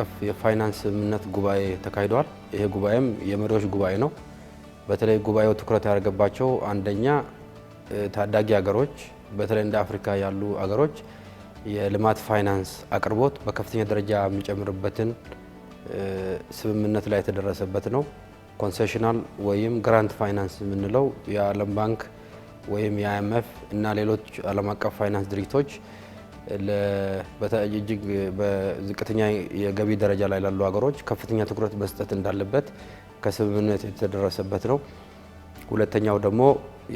ቀፍ የፋይናንስ ስምምነት ጉባኤ ተካሂደዋል። ይሄ ጉባኤም የመሪዎች ጉባኤ ነው። በተለይ ጉባኤው ትኩረት ያደረገባቸው አንደኛ ታዳጊ ሀገሮች በተለይ እንደ አፍሪካ ያሉ ሀገሮች የልማት ፋይናንስ አቅርቦት በከፍተኛ ደረጃ የሚጨምርበትን ስምምነት ላይ የተደረሰበት ነው። ኮንሴሽናል ወይም ግራንት ፋይናንስ የምንለው የዓለም ባንክ ወይም የአይኤምኤፍ እና ሌሎች ዓለም አቀፍ ፋይናንስ ድርጅቶች እጅግ በዝቅተኛ የገቢ ደረጃ ላይ ላሉ ሀገሮች ከፍተኛ ትኩረት መስጠት እንዳለበት ከስምምነት የተደረሰበት ነው። ሁለተኛው ደግሞ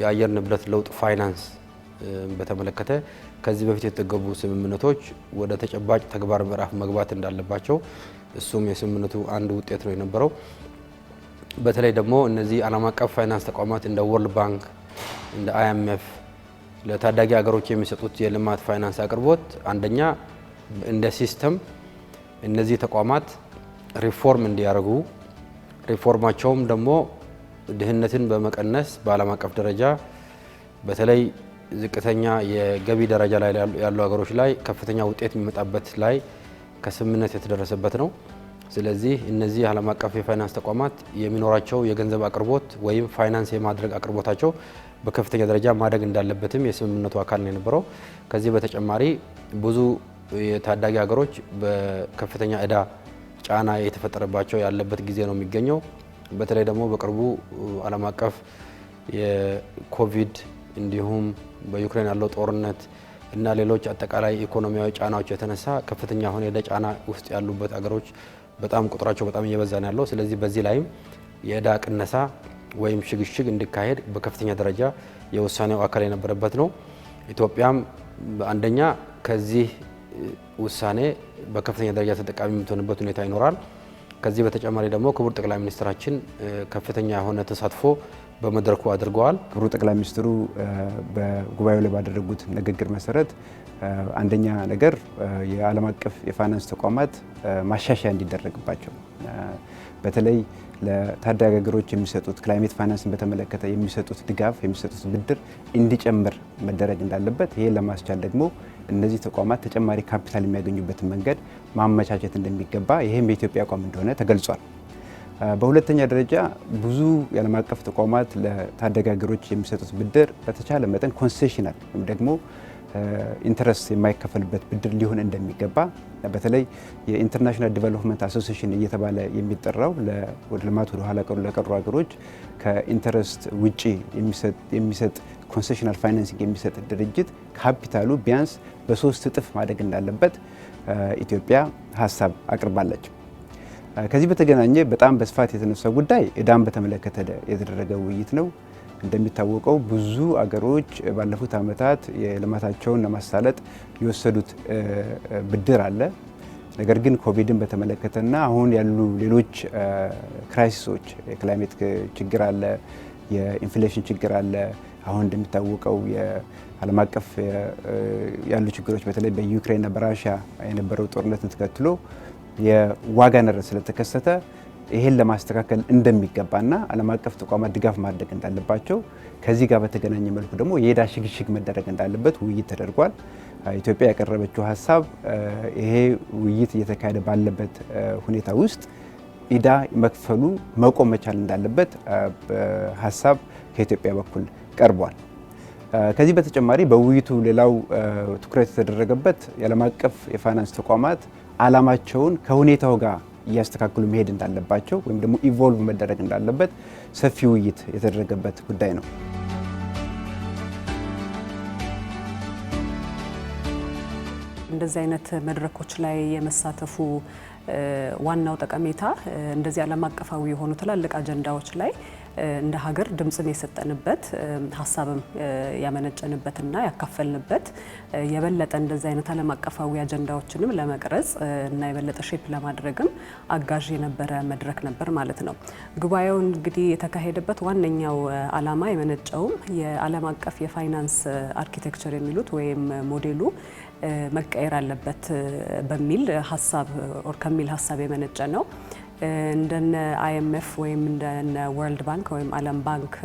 የአየር ንብረት ለውጥ ፋይናንስ በተመለከተ ከዚህ በፊት የተገቡ ስምምነቶች ወደ ተጨባጭ ተግባር ምዕራፍ መግባት እንዳለባቸው እሱም የስምምነቱ አንድ ውጤት ነው የነበረው። በተለይ ደግሞ እነዚህ ዓለም አቀፍ ፋይናንስ ተቋማት እንደ ወርልድ ባንክ እንደ አይኤምኤፍ ለታዳጊ ሀገሮች የሚሰጡት የልማት ፋይናንስ አቅርቦት አንደኛ እንደ ሲስተም እነዚህ ተቋማት ሪፎርም እንዲያደርጉ ሪፎርማቸውም ደግሞ ድህነትን በመቀነስ በዓለም አቀፍ ደረጃ በተለይ ዝቅተኛ የገቢ ደረጃ ላይ ያሉ ሀገሮች ላይ ከፍተኛ ውጤት የሚመጣበት ላይ ከስምምነት የተደረሰበት ነው። ስለዚህ እነዚህ ዓለም አቀፍ የፋይናንስ ተቋማት የሚኖራቸው የገንዘብ አቅርቦት ወይም ፋይናንስ የማድረግ አቅርቦታቸው በከፍተኛ ደረጃ ማደግ እንዳለበትም የስምምነቱ አካል ነው የነበረው። ከዚህ በተጨማሪ ብዙ የታዳጊ ሀገሮች በከፍተኛ እዳ ጫና የተፈጠረባቸው ያለበት ጊዜ ነው የሚገኘው። በተለይ ደግሞ በቅርቡ ዓለም አቀፍ የኮቪድ እንዲሁም በዩክሬን ያለው ጦርነት እና ሌሎች አጠቃላይ ኢኮኖሚያዊ ጫናዎች የተነሳ ከፍተኛ የሆነ የዕዳ ጫና ውስጥ ያሉበት ሀገሮች በጣም ቁጥራቸው በጣም እየበዛ ነው ያለው። ስለዚህ በዚህ ላይም የዕዳ ቅነሳ ወይም ሽግሽግ እንዲካሄድ በከፍተኛ ደረጃ የውሳኔው አካል የነበረበት ነው። ኢትዮጵያም አንደኛ ከዚህ ውሳኔ በከፍተኛ ደረጃ ተጠቃሚ የምትሆንበት ሁኔታ ይኖራል። ከዚህ በተጨማሪ ደግሞ ክቡር ጠቅላይ ሚኒስትራችን ከፍተኛ የሆነ ተሳትፎ በመድረኩ አድርገዋል። ክቡር ጠቅላይ ሚኒስትሩ በጉባኤው ላይ ባደረጉት ንግግር መሰረት አንደኛ ነገር የዓለም አቀፍ የፋይናንስ ተቋማት ማሻሻያ እንዲደረግባቸው በተለይ ለታዳጊ ሀገሮች የሚሰጡት ክላይሜት ፋይናንስን በተመለከተ የሚሰጡት ድጋፍ የሚሰጡት ብድር እንዲጨምር መደረግ እንዳለበት፣ ይሄ ለማስቻል ደግሞ እነዚህ ተቋማት ተጨማሪ ካፒታል የሚያገኙበትን መንገድ ማመቻቸት እንደሚገባ ይህም የኢትዮጵያ አቋም እንደሆነ ተገልጿል። በሁለተኛ ደረጃ ብዙ የዓለም አቀፍ ተቋማት ለታዳጊ ሀገሮች የሚሰጡት ብድር በተቻለ መጠን ኮንሴሽናል ወይም ደግሞ ኢንትረስት የማይከፈልበት ብድር ሊሆን እንደሚገባ በተለይ የኢንተርናሽናል ዲቨሎፕመንት አሶሲሽን እየተባለ የሚጠራው ወደ ልማት ወደ ኋላ ቀሩ ለቀሩ ሀገሮች ከኢንተረስት ውጪ የሚሰጥ ኮንሴሽናል ፋይናንሲንግ የሚሰጥ ድርጅት ካፒታሉ ቢያንስ በሶስት እጥፍ ማደግ እንዳለበት ኢትዮጵያ ሀሳብ አቅርባለች። ከዚህ በተገናኘ በጣም በስፋት የተነሳው ጉዳይ እዳን በተመለከተ የተደረገ ውይይት ነው። እንደሚታወቀው ብዙ አገሮች ባለፉት ዓመታት የልማታቸውን ለማሳለጥ የወሰዱት ብድር አለ። ነገር ግን ኮቪድን በተመለከተና አሁን ያሉ ሌሎች ክራይሲሶች የክላይሜት ችግር አለ፣ የኢንፍሌሽን ችግር አለ። አሁን እንደሚታወቀው የዓለም አቀፍ ያሉ ችግሮች በተለይ በዩክሬንና በራሽያ የነበረው ጦርነትን ተከትሎ የዋጋ ንረት ስለተከሰተ ይሄን ለማስተካከል እንደሚገባና ዓለም አቀፍ ተቋማት ድጋፍ ማድረግ እንዳለባቸው ከዚህ ጋር በተገናኘ መልኩ ደግሞ የዕዳ ሽግሽግ መደረግ እንዳለበት ውይይት ተደርጓል። ኢትዮጵያ ያቀረበችው ሀሳብ ይሄ ውይይት እየተካሄደ ባለበት ሁኔታ ውስጥ ዕዳ መክፈሉ መቆም መቻል እንዳለበት ሀሳብ ከኢትዮጵያ በኩል ቀርቧል። ከዚህ በተጨማሪ በውይይቱ ሌላው ትኩረት የተደረገበት የዓለም አቀፍ የፋይናንስ ተቋማት ዓላማቸውን ከሁኔታው ጋር እያስተካከሉ መሄድ እንዳለባቸው ወይም ደግሞ ኢቮልቭ መደረግ እንዳለበት ሰፊ ውይይት የተደረገበት ጉዳይ ነው። እንደዚህ አይነት መድረኮች ላይ የመሳተፉ ዋናው ጠቀሜታ እንደዚህ ዓለም አቀፋዊ የሆኑ ትላልቅ አጀንዳዎች ላይ እንደ ሀገር ድምፅን የሰጠንበት ሀሳብም ያመነጨንበትና ያካፈልንበት የበለጠ እንደዚህ አይነት ዓለም አቀፋዊ አጀንዳዎችንም ለመቅረጽ እና የበለጠ ሼፕ ለማድረግም አጋዥ የነበረ መድረክ ነበር ማለት ነው። ጉባኤው እንግዲህ የተካሄደበት ዋነኛው ዓላማ የመነጨውም የዓለም አቀፍ የፋይናንስ አርኪቴክቸር የሚሉት ወይም ሞዴሉ መቀየር አለበት በሚል ሀሳብ ከሚል ሀሳብ የመነጨ ነው። እንደነ አይኤምኤፍ ወይም እንደነ ወርልድ ባንክ ወይም ዓለም ባንክ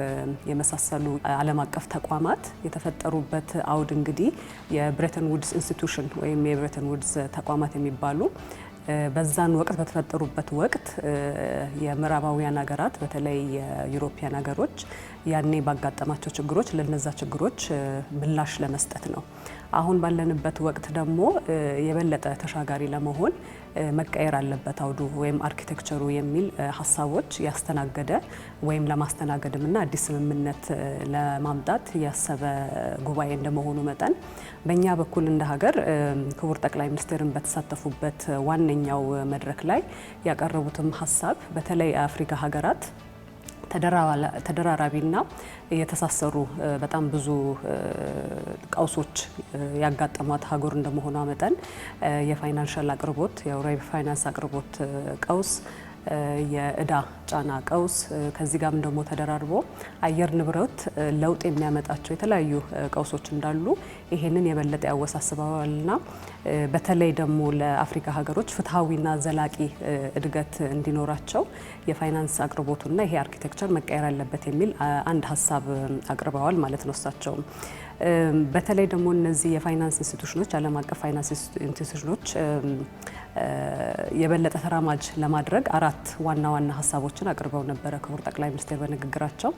የመሳሰሉ ዓለም አቀፍ ተቋማት የተፈጠሩበት አውድ እንግዲህ የብሬተን ውድስ ኢንስቲትዩሽን ወይም የብሬተን ውድስ ተቋማት የሚባሉ በዛን ወቅት በተፈጠሩበት ወቅት የምዕራባውያን ሀገራት በተለይ የዩሮፒያን ሀገሮች ያኔ ባጋጠማቸው ችግሮች ለነዛ ችግሮች ምላሽ ለመስጠት ነው። አሁን ባለንበት ወቅት ደግሞ የበለጠ ተሻጋሪ ለመሆን መቀየር አለበት አውዱ ወይም አርኪቴክቸሩ የሚል ሀሳቦች ያስተናገደ ወይም ለማስተናገድም ና አዲስ ስምምነት ለማምጣት ያሰበ ጉባኤ እንደመሆኑ መጠን በእኛ በኩል እንደ ሀገር ክቡር ጠቅላይ ሚኒስትርን በተሳተፉበት ዋነኛው መድረክ ላይ ያቀረቡትም ሀሳብ በተለይ የአፍሪካ ሀገራት ተደራራቢና የተሳሰሩ በጣም ብዙ ቀውሶች ያጋጠሟት ሀገር እንደመሆኗ መጠን የፋይናንሻል አቅርቦት ፋይናንስ አቅርቦት ቀውስ የእዳ ጫና ቀውስ ከዚህ ጋርም ደግሞ ተደራርቦ አየር ንብረት ለውጥ የሚያመጣቸው የተለያዩ ቀውሶች እንዳሉ ይሄንን የበለጠ ያወሳስበዋልና በተለይ ደግሞ ለአፍሪካ ሀገሮች ፍትሐዊና ዘላቂ እድገት እንዲኖራቸው የፋይናንስ አቅርቦቱና ይሄ አርኪቴክቸር መቀየር አለበት የሚል አንድ ሀሳብ አቅርበዋል ማለት ነው እሳቸውም በተለይ ደግሞ እነዚህ የፋይናንስ ኢንስቲቱሽኖች ዓለም አቀፍ ፋይናንስ ኢንስቲቱሽኖች የበለጠ ተራማጅ ለማድረግ አራት ዋና ዋና ሀሳቦችን አቅርበው ነበረ ክቡር ጠቅላይ ሚኒስትር በንግግራቸው።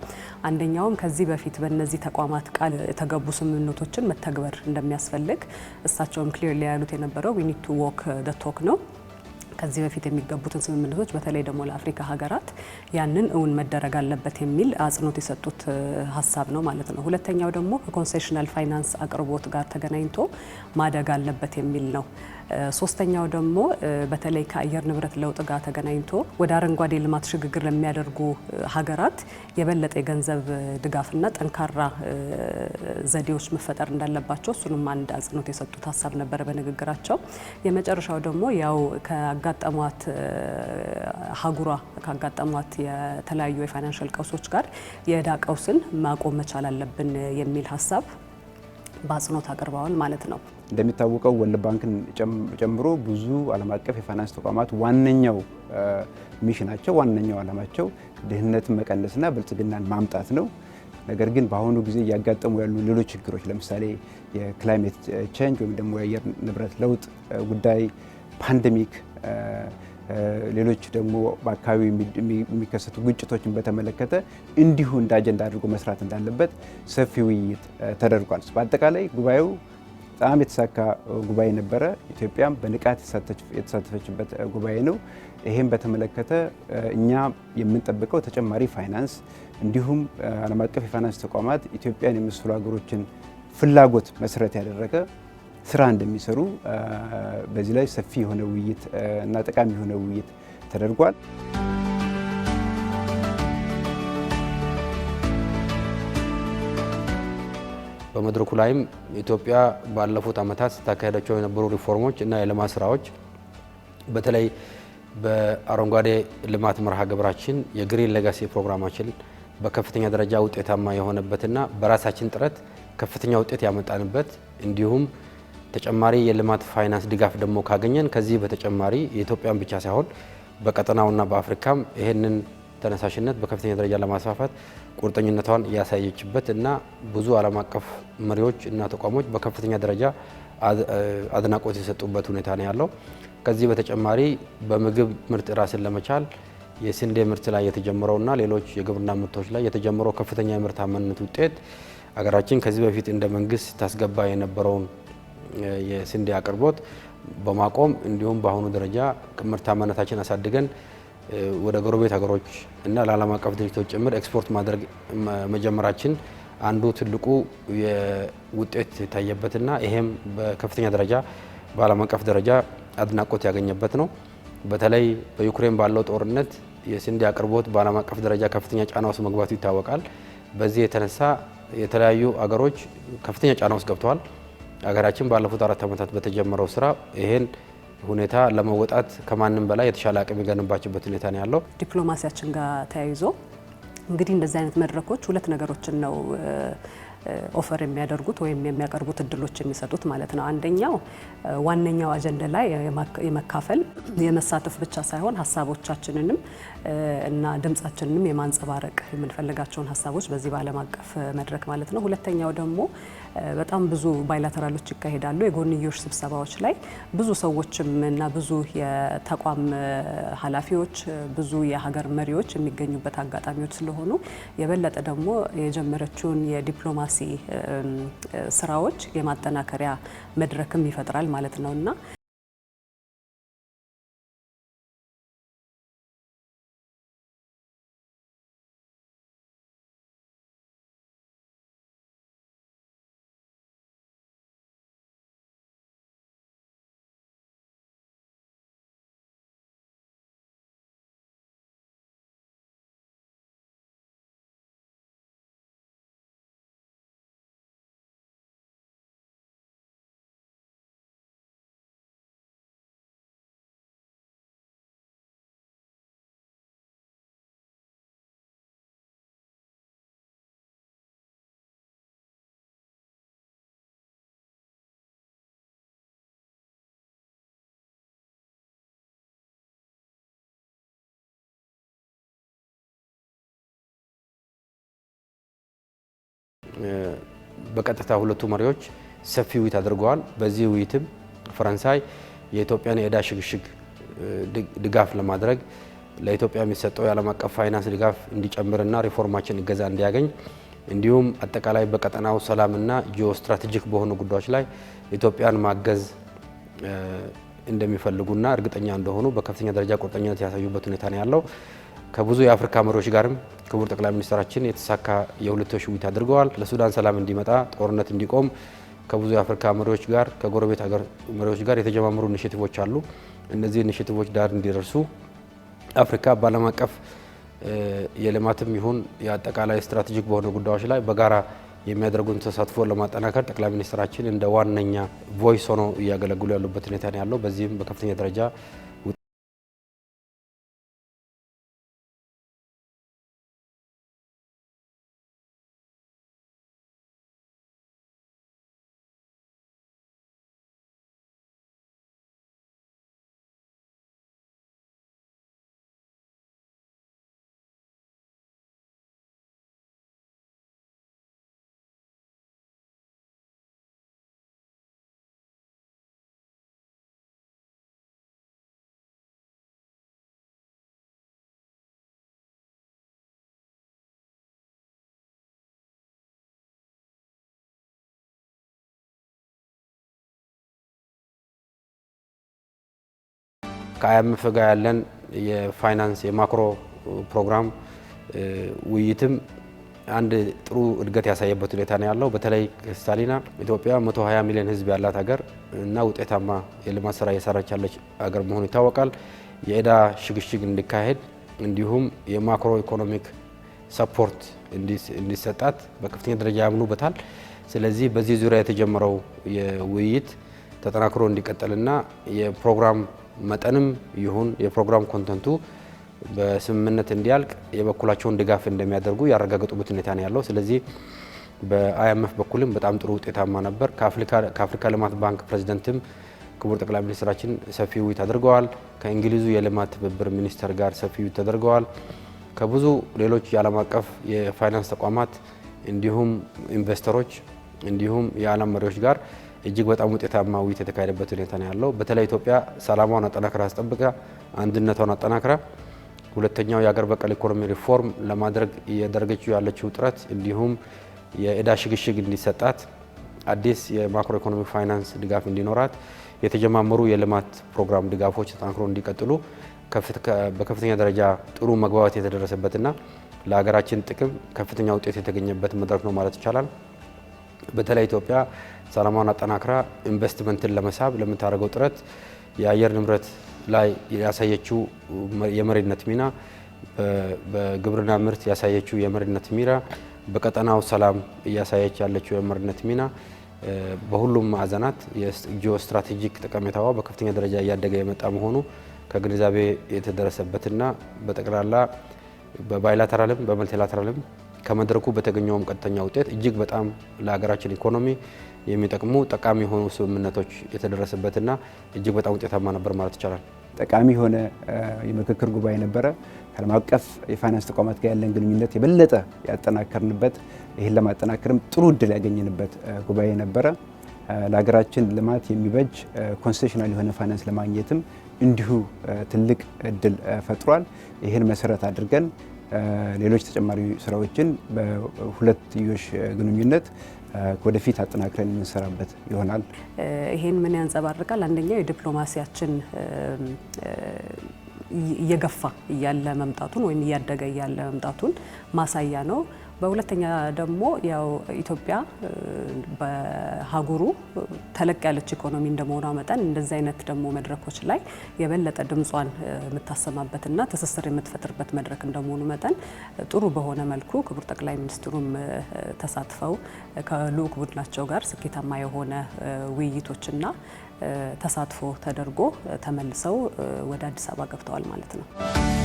አንደኛውም ከዚህ በፊት በእነዚህ ተቋማት ቃል የተገቡ ስምምነቶችን መተግበር እንደሚያስፈልግ እሳቸውም ክሊር ሊያሉት የነበረው ዊ ኒድ ቱ ዎክ ቶክ ነው። ከዚህ በፊት የሚገቡትን ስምምነቶች በተለይ ደግሞ ለአፍሪካ ሀገራት ያንን እውን መደረግ አለበት የሚል አጽንኦት የሰጡት ሀሳብ ነው ማለት ነው። ሁለተኛው ደግሞ ከኮንሴሽናል ፋይናንስ አቅርቦት ጋር ተገናኝቶ ማደግ አለበት የሚል ነው። ሶስተኛው ደግሞ በተለይ ከአየር ንብረት ለውጥ ጋር ተገናኝቶ ወደ አረንጓዴ ልማት ሽግግር ለሚያደርጉ ሀገራት የበለጠ የገንዘብ ድጋፍና ጠንካራ ዘዴዎች መፈጠር እንዳለባቸው እሱንም አንድ አጽንኦት የሰጡት ሀሳብ ነበረ በንግግራቸው። የመጨረሻው ደግሞ ያው ከአጋጠሟት ሀጉሯ ካጋጠሟት የተለያዩ የፋይናንሻል ቀውሶች ጋር የዕዳ ቀውስን ማቆም መቻል አለብን የሚል ሀሳብ በአጽንኦት አቅርበዋል ማለት ነው። እንደሚታወቀው ወርልድ ባንክን ጨምሮ ብዙ ዓለም አቀፍ የፋይናንስ ተቋማት ዋነኛው ሚሽናቸው ዋነኛው ዓላማቸው ድህነትን መቀነስና ብልጽግናን ማምጣት ነው። ነገር ግን በአሁኑ ጊዜ እያጋጠሙ ያሉ ሌሎች ችግሮች ለምሳሌ የክላይሜት ቼንጅ ወይም ደግሞ የአየር ንብረት ለውጥ ጉዳይ፣ ፓንደሚክ ሌሎች ደግሞ በአካባቢ የሚከሰቱ ግጭቶችን በተመለከተ እንዲሁ እንደ አጀንዳ አድርጎ መስራት እንዳለበት ሰፊ ውይይት ተደርጓል። በአጠቃላይ ጉባኤው በጣም የተሳካ ጉባኤ ነበረ። ኢትዮጵያም በንቃት የተሳተፈችበት ጉባኤ ነው። ይህም በተመለከተ እኛ የምንጠብቀው ተጨማሪ ፋይናንስ እንዲሁም ዓለም አቀፍ የፋይናንስ ተቋማት ኢትዮጵያን የመሰሉ ሀገሮችን ፍላጎት መሰረት ያደረገ ስራ እንደሚሰሩ በዚህ ላይ ሰፊ የሆነ ውይይት እና ጠቃሚ የሆነ ውይይት ተደርጓል። በመድረኩ ላይም ኢትዮጵያ ባለፉት ዓመታት ስታካሄዳቸው የነበሩ ሪፎርሞች እና የልማት ስራዎች በተለይ በአረንጓዴ ልማት መርሃ ግብራችን የግሪን ሌጋሲ ፕሮግራማችን በከፍተኛ ደረጃ ውጤታማ የሆነበትና በራሳችን ጥረት ከፍተኛ ውጤት ያመጣንበት እንዲሁም ተጨማሪ የልማት ፋይናንስ ድጋፍ ደግሞ ካገኘን ከዚህ በተጨማሪ የኢትዮጵያን ብቻ ሳይሆን በቀጠናውና በአፍሪካም ይህንን ተነሳሽነት በከፍተኛ ደረጃ ለማስፋፋት ቁርጠኝነቷን ያሳየችበት እና ብዙ ዓለም አቀፍ መሪዎች እና ተቋሞች በከፍተኛ ደረጃ አድናቆት የሰጡበት ሁኔታ ነው ያለው። ከዚህ በተጨማሪ በምግብ ምርት ራስን ለመቻል የስንዴ ምርት ላይ የተጀመረውና ሌሎች የግብርና ምርቶች ላይ የተጀመረው ከፍተኛ የምርታማነት ውጤት አገራችን ከዚህ በፊት እንደ መንግስት ታስገባ የነበረውን የስንዴ አቅርቦት በማቆም እንዲሁም በአሁኑ ደረጃ ምርታማነታችን አሳድገን ወደ ጎረቤት ሀገሮች እና ለዓለም አቀፍ ድርጅቶች ጭምር ኤክስፖርት ማድረግ መጀመራችን አንዱ ትልቁ ውጤት የታየበትና ይሄም በከፍተኛ ደረጃ በዓለም አቀፍ ደረጃ አድናቆት ያገኘበት ነው። በተለይ በዩክሬን ባለው ጦርነት የስንዴ አቅርቦት በዓለም አቀፍ ደረጃ ከፍተኛ ጫና ውስጥ መግባቱ ይታወቃል። በዚህ የተነሳ የተለያዩ አገሮች ከፍተኛ ጫና ውስጥ ገብተዋል። ሀገራችን ባለፉት አራት ዓመታት በተጀመረው ስራ ይሄን ሁኔታ ለመወጣት ከማንም በላይ የተሻለ አቅም የገነባችበት ሁኔታ ነው ያለው። ዲፕሎማሲያችን ጋር ተያይዞ እንግዲህ እንደዚህ አይነት መድረኮች ሁለት ነገሮችን ነው ኦፈር የሚያደርጉት ወይም የሚያቀርቡት እድሎች የሚሰጡት ማለት ነው። አንደኛው ዋነኛው አጀንዳ ላይ የመካፈል የመሳተፍ ብቻ ሳይሆን ሀሳቦቻችንንም እና ድምጻችንንም የማንጸባረቅ የምንፈልጋቸውን ሀሳቦች በዚህ በዓለም አቀፍ መድረክ ማለት ነው። ሁለተኛው ደግሞ በጣም ብዙ ባይላተራሎች ይካሄዳሉ። የጎንዮሽ ስብሰባዎች ላይ ብዙ ሰዎችም እና ብዙ የተቋም ኃላፊዎች ብዙ የሀገር መሪዎች የሚገኙበት አጋጣሚዎች ስለሆኑ የበለጠ ደግሞ የጀመረችውን የዲፕሎማሲ ስራዎች የማጠናከሪያ መድረክም ይፈጥራል ማለት ነው እና በቀጥታ ሁለቱ መሪዎች ሰፊ ውይይት አድርገዋል። በዚህ ውይይትም ፈረንሳይ የኢትዮጵያን የዕዳ ሽግሽግ ድጋፍ ለማድረግ ለኢትዮጵያ የሚሰጠው የዓለም አቀፍ ፋይናንስ ድጋፍ እንዲጨምርና ሪፎርማችን እገዛ እንዲያገኝ እንዲሁም አጠቃላይ በቀጠናው ሰላምና ጂኦ ስትራቴጂክ በሆኑ ጉዳዮች ላይ ኢትዮጵያን ማገዝ እንደሚፈልጉና እርግጠኛ እንደሆኑ በከፍተኛ ደረጃ ቁርጠኝነት ያሳዩበት ሁኔታ ነው ያለው። ከብዙ የአፍሪካ መሪዎች ጋርም ክቡር ጠቅላይ ሚኒስትራችን የተሳካ የሁለትዮሽ ውይይት አድርገዋል። ለሱዳን ሰላም እንዲመጣ ጦርነት እንዲቆም ከብዙ የአፍሪካ መሪዎች ጋር ከጎረቤት ሀገር መሪዎች ጋር የተጀማመሩ ኢኒሽቲቮች አሉ። እነዚህ ኢኒሽቲቮች ዳር እንዲደርሱ አፍሪካ በዓለም አቀፍ የልማትም ይሁን የአጠቃላይ ስትራቴጂክ በሆነ ጉዳዮች ላይ በጋራ የሚያደርጉን ተሳትፎ ለማጠናከር ጠቅላይ ሚኒስትራችን እንደ ዋነኛ ቮይስ ሆኖ እያገለግሉ ያሉበት ሁኔታ ነው ያለው። በዚህም በከፍተኛ ደረጃ ከአይኤምኤፍ ጋር ያለን የፋይናንስ የማክሮ ፕሮግራም ውይይትም አንድ ጥሩ እድገት ያሳየበት ሁኔታ ነው ያለው። በተለይ ክሪስታሊና ኢትዮጵያ 120 ሚሊዮን ሕዝብ ያላት ሀገር እና ውጤታማ የልማት ስራ እየሰራች ያለች ሀገር መሆኑ ይታወቃል። የእዳ ሽግሽግ እንዲካሄድ እንዲሁም የማክሮ ኢኮኖሚክ ሰፖርት እንዲሰጣት በከፍተኛ ደረጃ ያምኑበታል። ስለዚህ በዚህ ዙሪያ የተጀመረው ውይይት ተጠናክሮ እንዲቀጥልና የፕሮግራም መጠንም ይሁን የፕሮግራም ኮንተንቱ በስምምነት እንዲያልቅ የበኩላቸውን ድጋፍ እንደሚያደርጉ ያረጋገጡበት ሁኔታ ነው ያለው። ስለዚህ በአይኤምኤፍ በኩልም በጣም ጥሩ ውጤታማ ነበር። ከአፍሪካ ልማት ባንክ ፕሬዚደንትም ክቡር ጠቅላይ ሚኒስትራችን ሰፊ ውይይት አድርገዋል። ከእንግሊዙ የልማት ትብብር ሚኒስተር ጋር ሰፊ ውይይት ተደርገዋል። ከብዙ ሌሎች የዓለም አቀፍ የፋይናንስ ተቋማት እንዲሁም ኢንቨስተሮች እንዲሁም የዓለም መሪዎች ጋር እጅግ በጣም ውጤታማ ውይይት የተካሄደበት ሁኔታ ነው ያለው። በተለይ ኢትዮጵያ ሰላሟን አጠናክራ አስጠብቃ አንድነቷን አጠናክራ ሁለተኛው የሀገር በቀል ኢኮኖሚ ሪፎርም ለማድረግ እያደረገችው ያለችው ጥረት እንዲሁም የእዳ ሽግሽግ እንዲሰጣት አዲስ የማክሮ ኢኮኖሚ ፋይናንስ ድጋፍ እንዲኖራት የተጀማመሩ የልማት ፕሮግራም ድጋፎች ተጠናክሮ እንዲቀጥሉ በከፍተኛ ደረጃ ጥሩ መግባባት የተደረሰበትና ለሀገራችን ጥቅም ከፍተኛ ውጤት የተገኘበት መድረክ ነው ማለት ይቻላል። በተለይ ኢትዮጵያ ሰላሟን አጠናክራ ኢንቨስትመንትን ለመሳብ ለምታደርገው ጥረት የአየር ንብረት ላይ ያሳየችው የመሪነት ሚና፣ በግብርና ምርት ያሳየችው የመሪነት ሚና፣ በቀጠናው ሰላም እያሳየች ያለችው የመሪነት ሚና በሁሉም ማዕዘናት የጂኦ ስትራቴጂክ ጠቀሜታዋ በከፍተኛ ደረጃ እያደገ የመጣ መሆኑ ከግንዛቤ የተደረሰበትና በጠቅላላ በባይላተራልም በመልቲላተራልም ከመድረኩ በተገኘውም ቀጥተኛ ውጤት እጅግ በጣም ለሀገራችን ኢኮኖሚ የሚጠቅሙ ጠቃሚ የሆኑ ስምምነቶች የተደረሰበትና እጅግ በጣም ውጤታማ ነበር ማለት ይቻላል። ጠቃሚ የሆነ የምክክር ጉባኤ ነበረ። ከዓለም አቀፍ የፋይናንስ ተቋማት ጋር ያለን ግንኙነት የበለጠ ያጠናከርንበት፣ ይህን ለማጠናከርም ጥሩ እድል ያገኘንበት ጉባኤ ነበረ። ለሀገራችን ልማት የሚበጅ ኮንሴሽናል የሆነ ፋይናንስ ለማግኘትም እንዲሁ ትልቅ እድል ፈጥሯል። ይህን መሰረት አድርገን ሌሎች ተጨማሪ ስራዎችን በሁለትዮሽ ግንኙነት ወደፊት አጠናክረን የምንሰራበት ይሆናል። ይሄን ምን ያንጸባርቃል? አንደኛው የዲፕሎማሲያችን እየገፋ እያለ መምጣቱን ወይም እያደገ እያለ መምጣቱን ማሳያ ነው። በሁለተኛ ደግሞ ያው ኢትዮጵያ በሀጉሩ ተለቅ ያለች ኢኮኖሚ እንደመሆኗ መጠን እንደዚህ አይነት ደግሞ መድረኮች ላይ የበለጠ ድምጿን የምታሰማበትና ትስስር የምትፈጥርበት መድረክ እንደመሆኑ መጠን ጥሩ በሆነ መልኩ ክቡር ጠቅላይ ሚኒስትሩም ተሳትፈው ከልዑክ ቡድናቸው ጋር ስኬታማ የሆነ ውይይቶችና ተሳትፎ ተደርጎ ተመልሰው ወደ አዲስ አበባ ገብተዋል ማለት ነው።